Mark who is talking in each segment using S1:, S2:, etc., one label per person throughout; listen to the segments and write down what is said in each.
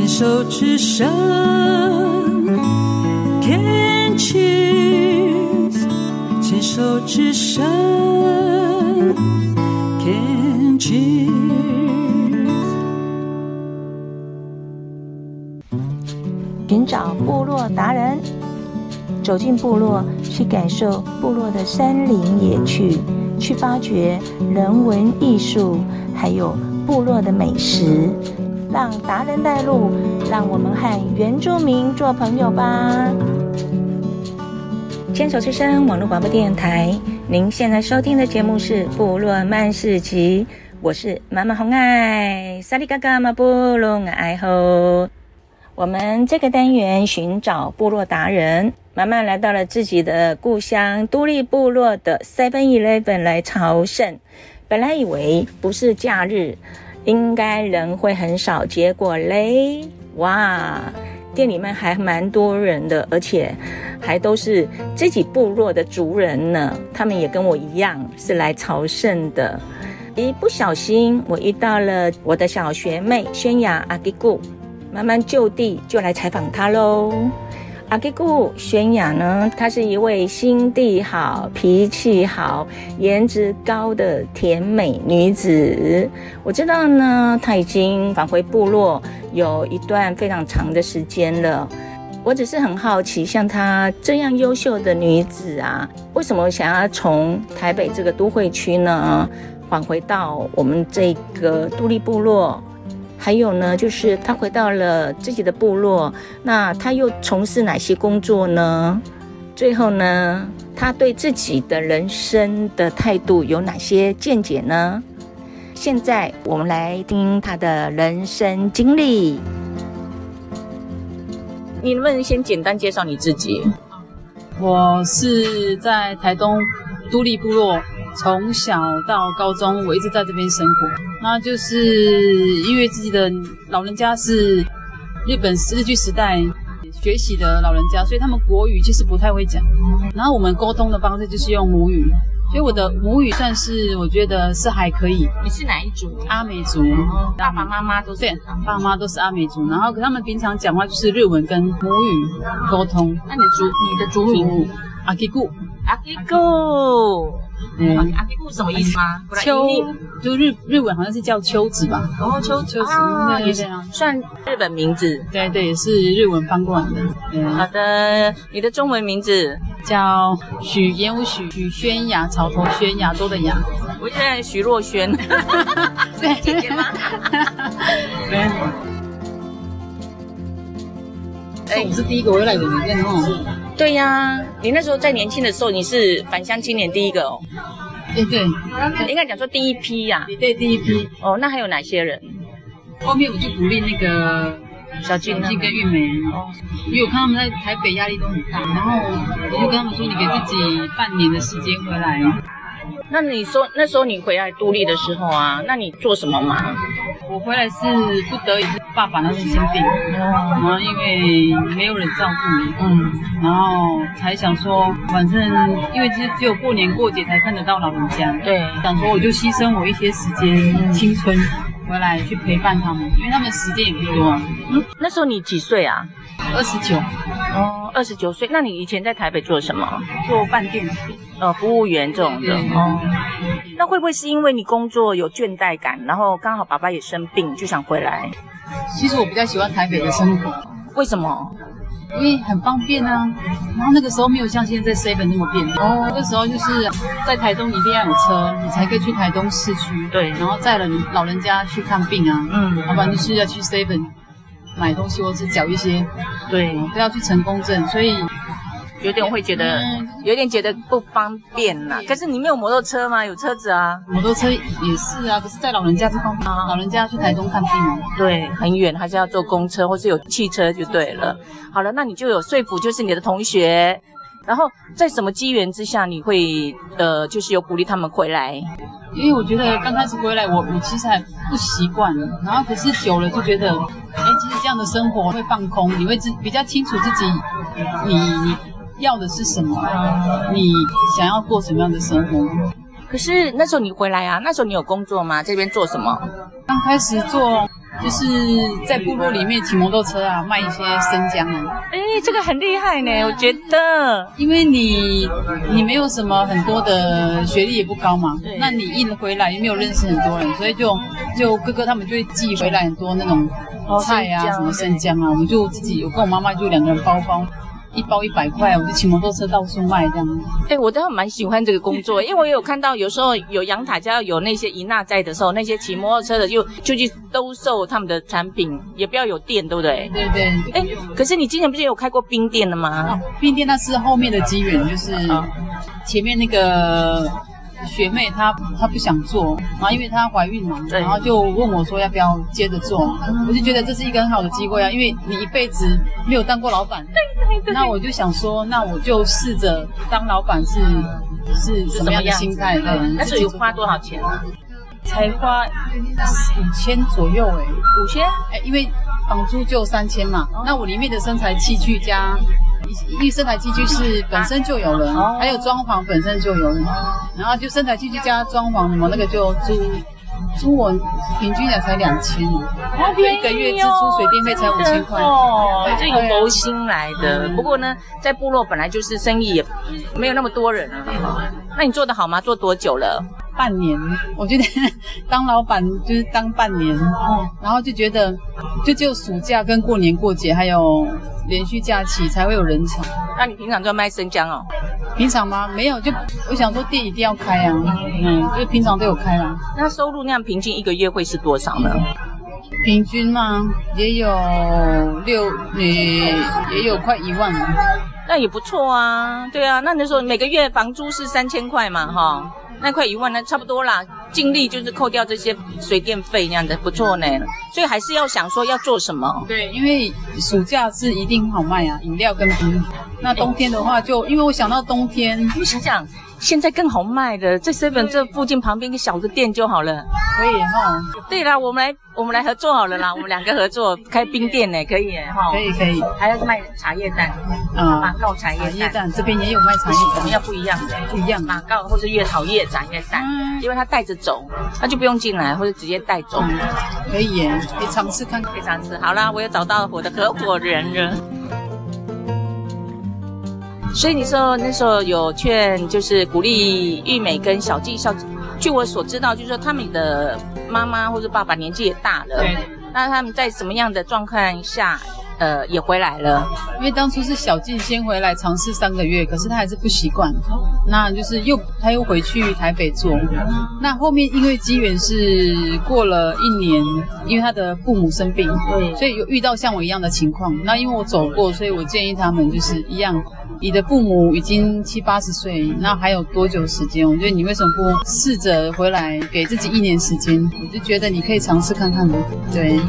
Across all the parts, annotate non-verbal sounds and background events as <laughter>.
S1: 牽手之聲，天晴。牽手之
S2: 聲，天晴。尋找部落達人，走進部落，去感受部落的山林野趣，去發掘人文藝術，還有部落的美食。嗯讓達人帶路，讓我們和原住民做朋友吧。牽手之聲網絡廣播電台，您現在收聽的節目是《部落漫市集》，我是媽媽紅愛。薩利嘎嘎嘛，部落愛吼。我們這個單元尋找部落達人，媽媽來到了自己的故鄉都歷部落的 7-Eleven，來朝聖，本來以為不是假日。應該人會很少，結果嘞，哇，店裡面還蠻多人的，而且還都是自己部落的族人呢。他們也跟我一樣是來朝聖的。一不小心，我遇到了我的小學妹萱亞阿迪古，慢慢就地就來採訪她嘍。阿基姑，萱亞呢，她是一位心地好、脾氣好、顏值高的甜美女子。我知道呢，她已經返回部落有一段非常長的時間了。我只是很好奇，像她這樣優秀的女子啊，為什麼想要從台北這個都會區呢，返回到我們這個都歷部落？還有呢，就是他回到了自己的部落，那他又從事哪些工作呢？最後呢，他對自己的人生的態度有哪些見解呢？現在我們來聽他的人生經歷。你能不能先簡單介紹你自己？我是在台東都歷部
S1: 落，從小到高中我一直在這邊生活。那就是因為自己的老人家是日本日劇時代學習的老人家，所以他們國語其實不太會講。然後我們溝通的方式就是用母語，所以我的母語算是我覺得是還可以。你是哪一族？阿美族，然後爸爸媽，媽媽都是對，爸媽都是阿美族。然後他們平常講話就是日文跟母語溝通。啊，那你的族，你的族名？阿基古，阿基古。嗯，阿迪布什麼意思嗎？秋，就日日文好像是叫秋子吧？哦，秋秋子，那意思算日本名字，對對，也是日文翻過來的。好的，你的中文名字叫許言午許，許許萱亞，草頭萱，亞洲的亞，
S2: 我現在許若軒，哈哈哈哈對姐姐嗎？對。 <laughs> 對 <laughs> 對我是第一個回來的，人、欸。嗯、對呀、啊，你那時候在年輕的時候，你是返鄉青年第一個哦，對對，對，應該講說第一批呀、啊，對第一批哦，那還有哪些人？
S1: 後面我就鼓勵那個小靜金跟玉梅、哦，哦、因為我看
S2: 他們在台北壓力都很大，然後我就跟他們說，你給自己半年的時間回來、哦。那你說那時候你回來都歷的時候啊，那你做什麼嗎？我回來是不得已，是爸爸那時候生病，然後因為沒有人照顧，嗯，
S1: 然後才想說，反正因為只只有過年過節才看得到老人家，對，想說我就犧牲我一些時間、嗯、青春回來去陪伴他們，因為他們時間也不多啊。嗯，嗯
S2: 那時候你幾歲啊？二十九。哦，二十九歲，那你以前在台北做什麼？做飯店、哦，服務員這種的，對哦。那會不會是因為你工作有倦怠感，然後剛好爸爸也生病，就想回來？其實我比較喜歡台北的生活，為什麼？
S1: 因為很方便啊。然後那個時候沒有像現在 Seven 那麼便利。哦，那個時候就是在台東一定要有車，你才可以去台東市區。對。然後載了老人家去看病啊，嗯，要不然就是要去 Seven 買東西，或者繳一些，對，都、嗯、要去成功
S2: 鎮，所以。有點會覺得，有點覺得不方便啦、啊、可是你沒有摩托車嗎？有車子啊。摩托車也是啊，可是在老人家這方面，啊。老人家要去台東看病，對，很遠，還是要坐公車或是有汽車就對了。好了，那你就有說服，就是你的同學。然後在什麼機緣之下，你會呃，就是有鼓勵他們回來？
S1: 因為我覺得剛開始回來，我我其實還不習慣，然後可是久了就覺得，哎，其實這樣的生活會放空，你會自比較清楚自己，
S2: 你。要的是什麼？你想要過什麼樣的生活？可是那時候你回來啊，那時候你有工作嗎？這邊做什麼？剛開始做，
S1: 就是在部落裡面騎摩托車啊，賣一些生薑啊。哎、欸，這個很厲害呢、欸，啊、我覺得。因為你你沒有什麼很多的學歷也不高嘛，對那你一回來也沒有認識很多人，所以就就哥哥他們就會寄回來很多那種菜啊，欸、什麼生薑啊，我們就自己，我跟我媽媽就兩個人包包。一包一百塊，我就騎摩托車到處賣這樣子。哎、欸，我倒蠻喜歡這個工作， <laughs>
S2: 因為我也有看到有時候有陽塔家有那些姨娜在的時候，那些騎摩托車的就就去兜售他們的產品，也不要有店，對不對？對對。哎、欸，可是你之前不是有開過冰店的嗎、哦？冰店那是後面的機緣，就是前面那個。
S1: 學妹她她不想做啊，然後因為她懷孕了，對然後就問我說要不要接着做，對我就覺得這是一個很好的機會啊，因為你一輩子沒有當過老闆，對對對，對對，那我就想說，那我就試着當老板是是什麼樣的心態？對，那自己花多少錢啊？才花五千左右。欸，哎，五千，哎、欸，因為房租就三千嘛，那我裡面的生財器具加。因為生產器具是本身就有人，啊、還有裝潢本身就有人，然後就生產器具加裝潢，什麼那個就租租我平均也才兩千、
S2: 哦，一個月支出水電費才五千塊，哦、對這有謀薪來的。嗯、不過呢，在部落本來就是生意也沒有那麼多人啊。嗯、那你做得好嗎？做多久了？
S1: 半年，我覺得當老闆就是當半年，嗯、然後就覺得只有暑假跟過年過節還有連續假期才會有
S2: 人潮。那你平常都要賣生薑哦？平常嗎？沒有，就我想說店一定要開啊。嗯，就平常都有開啊。那收入那樣平均一個月會是多少呢？
S1: 平均嗎？也有六，也也有快一萬。啊、
S2: 那也不錯啊。對啊，那你說每個月房租是三千塊嘛？哈。那塊一萬呢，差不多啦，盡力就是扣掉這些水電費那樣的，不錯呢。所以還是要想說要做什麼。
S1: 對，因為暑假是一定好賣啊，飲料跟
S2: 冰。那冬天的話就，就、欸、因為我想到冬天，你想想現在更好賣的，在 Seven 這附近旁邊一個小的店就好了。可以哈。對啦，我們來我們來合作好了啦，我們兩個合作開冰店呢，可以耶。哈。可以可以。還要賣茶葉蛋。嗯，馬告茶葉蛋。這邊也有賣茶葉蛋，要不一樣的。不一樣。馬告或是月桃葉茶葉蛋，因為它帶着走，它就不用進來，或是直接帶走。可以，可以嘗試看。可以嘗試。好啦，我又找到我的合夥人了。所以你說那時候有勸，就是鼓勵玉美跟小靜。小，據我所知道，就是說他們的媽媽或者爸爸年紀也大了。對。那他們在什麼樣的狀況下，呃，也回來了？因為當初是小
S1: 靜先回來嘗試三個月，可是她還是不習慣。那就是又她又回去台北做。那後面因為機緣是過了一年，因為她的父母生病，所以有遇到像我一樣的情況。那因為我走過，所以我建議他們就是一樣。你的父母已經七八十歲，那還有多久時間？我覺得你為什麼不試着回來給自己一年時間？我就覺得你可以嘗試看看嗎？對。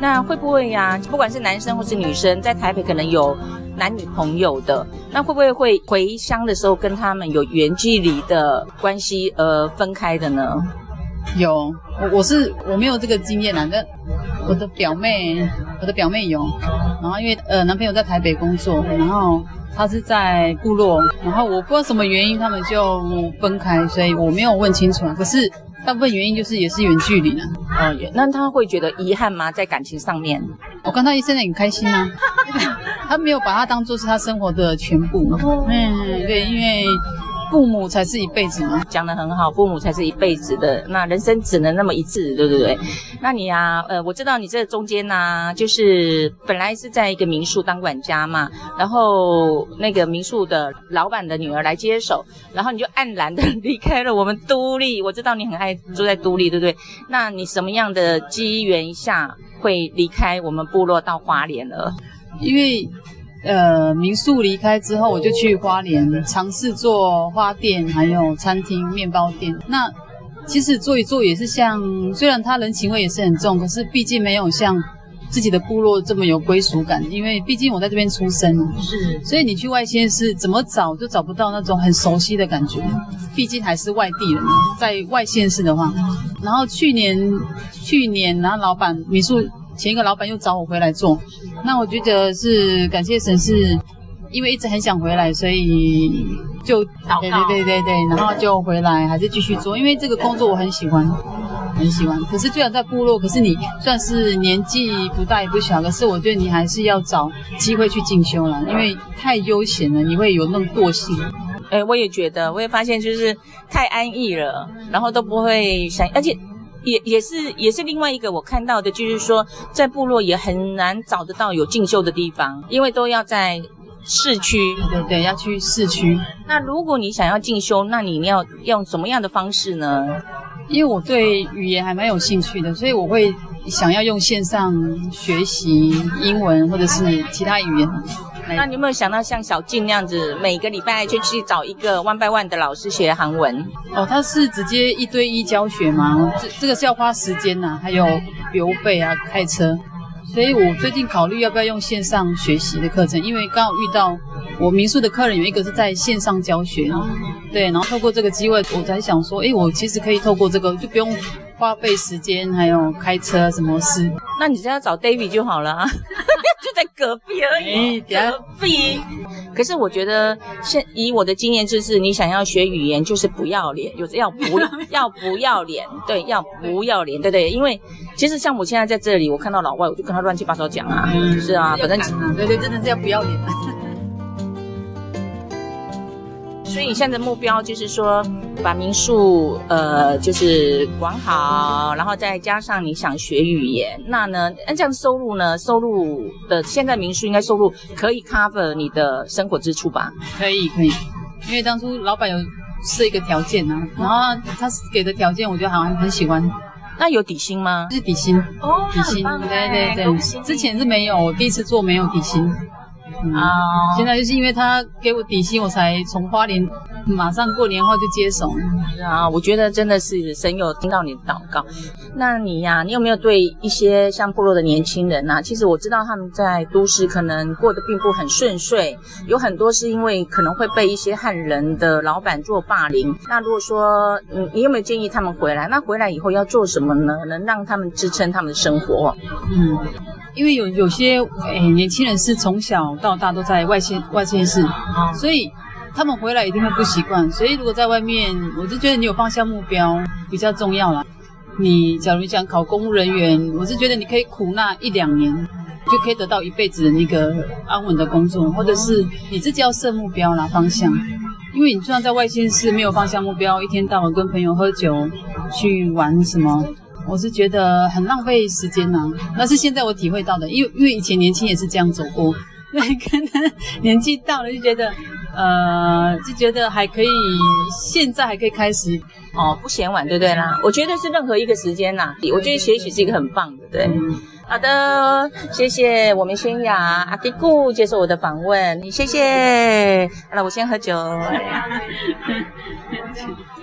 S2: 那會不會呀？不管是男生或是女生，在台北可能有男女朋友的，那會不會會回鄉的時候跟他們有遠距離的關係，而分開的呢？有，我我是我沒有這個經驗
S1: 啊，但。我的表妹，我的表妹有，然後因為呃男朋友在台北工作，然後他是在部落，然後我不知道什麼原因他們就分開，所以我沒有問清楚。可是大部分原因
S2: 就是也是遠距離呢？哦、呃。那他會覺得遺憾嗎？在感情上面？我跟他現在很開心啊，
S1: 他沒有把他當做是他生活的全部。嗯，對，
S2: 因為。父母才是一輩子嘛，講得很好，父母才是一輩子的，那人生只能那麼一次，對不對？那你呀、啊，呃，我知道你這中間呢、啊，就是本來是在一個民宿當管家嘛，然後那個民宿的老板的女兒來接手，然後你就黯然的離開了我們都歷。我知道你很愛住在都歷，對不對？那你什麼樣的機緣一下會離開我們部落到花蓮呢？
S1: 因為。呃，民宿離開之後，我就去花蓮嘗試做花店，還有餐廳、麵包店。那其實做一做也是像，雖然他人情味也是很重，可是畢竟沒有像自己的部落這麼有歸屬感，因為畢竟我在這邊出生。是，是。所以你去外縣市怎麼找都找不到那種很熟悉的感覺，畢竟還是外地人，在外縣市的話。然後去年，去年然後老闆民宿。前一個老闆又找我回來做，那我覺得是感謝神是，因為一直很想回來，所以就對對對對對，然後就回來，還是繼續做，因為這個工作我很喜歡，很喜歡。可是最好在部落，可是你算是年紀不大也不小，可是我覺得你還是要找機會去進修了，因為太悠閒了，你會有那種惰性、
S2: 欸。我也覺得，我也發現就是太安逸了，然後都不會想，而且。也也是也是另外一個我看到的，就是說在部落也很難找得到有進修的地方，因為都要在市區，對對，要去市區。那如果你想要進修，那你要用什麼樣的方式呢？因為我對語言還蠻有興趣的，所以我會想要用線上學習英
S1: 文或者是其他語言。
S2: 那你有沒有想到像小靜那樣子，每個禮拜就去，去找一個 One by One 的老師學韓文？哦，他是直接一對一教學嗎？這
S1: 這個是要花時間吶、啊，還有油費啊，開車。所以我最近考慮要不要用線上學習的課程，因為剛好遇到我民宿的客人有一個是在線上教學啊。嗯、對，然後透過這個機會，我才想說，誒、欸，我其實可以透過這個，就不用花費時間，還有開車什麼事。
S2: 那你只要找 David 就好了啊。 <laughs> 在隔壁而已，隔壁。可是我覺得，現以我的經驗就是，你想要學語言，就是不要臉，有時 <laughs> 要不要不要臉，對，要不要臉，對，對對。因為其實像我現在在這裡，我看到老外，我就跟他亂七八糟講啊，嗯、可是啊，反正對，對對，真的是要不要臉。 <laughs> 所以你現在的目標就是說，把民宿呃就是管好，然後再加上你想學語言，那呢，那這樣收入呢，收入的現在民宿應該收入可以 cover 你的生活支出吧？可以可以，因為當初老闆有設一個條件呢、啊，然後他給的條件我就好像很喜
S1: 歡。那有底薪嗎？是底薪哦，底薪，對對、哦、對，對對之前是沒有，我第一次做沒有底薪。啊，嗯嗯、現在就是因為他給我底薪，我才從花蓮馬上過年後就接
S2: 手。嗯、啊，我覺得真的是神有聽到你的禱告。那你呀、啊，你有沒有對一些像部落的年輕人啊？其實我知道他們在都市可能過得並不很順遂，有很多是因為可能會被一些漢人的老板做霸凌。那如果說，嗯、你有沒有建議他們回來？那回來以後要做什麼呢？能讓他們支撐他們的生活？嗯。因為有有些
S1: 誒、欸、年輕人是從小到大都在外縣外縣市，所以他們回來一定會不習慣。所以如果在外面，我就覺得你有方向目標比較重要啦。你假如你想考公務人員，我是覺得你可以苦那一兩年，就可以得到一輩子的那個安穩的工作，或者是你自己要設目標啦方向。因為你就算在外縣市沒有方向目標，一天到晚跟朋友喝酒去玩什麼。我是覺得很浪費時間吶、啊，那是現在我體會到的，因為因為以前年輕也是這樣走過，那可能年紀到了就覺得，呃，就
S2: 覺得還可以，現在還可以開始哦，不嫌晚，對不對啦？我覺得是任何一個時間吶，我覺得學習是一個很棒的，對。嗯、好的，謝謝我們萱亞阿迪古接受我的訪問，謝謝。來、嗯啊，我先喝酒。 <laughs> <laughs>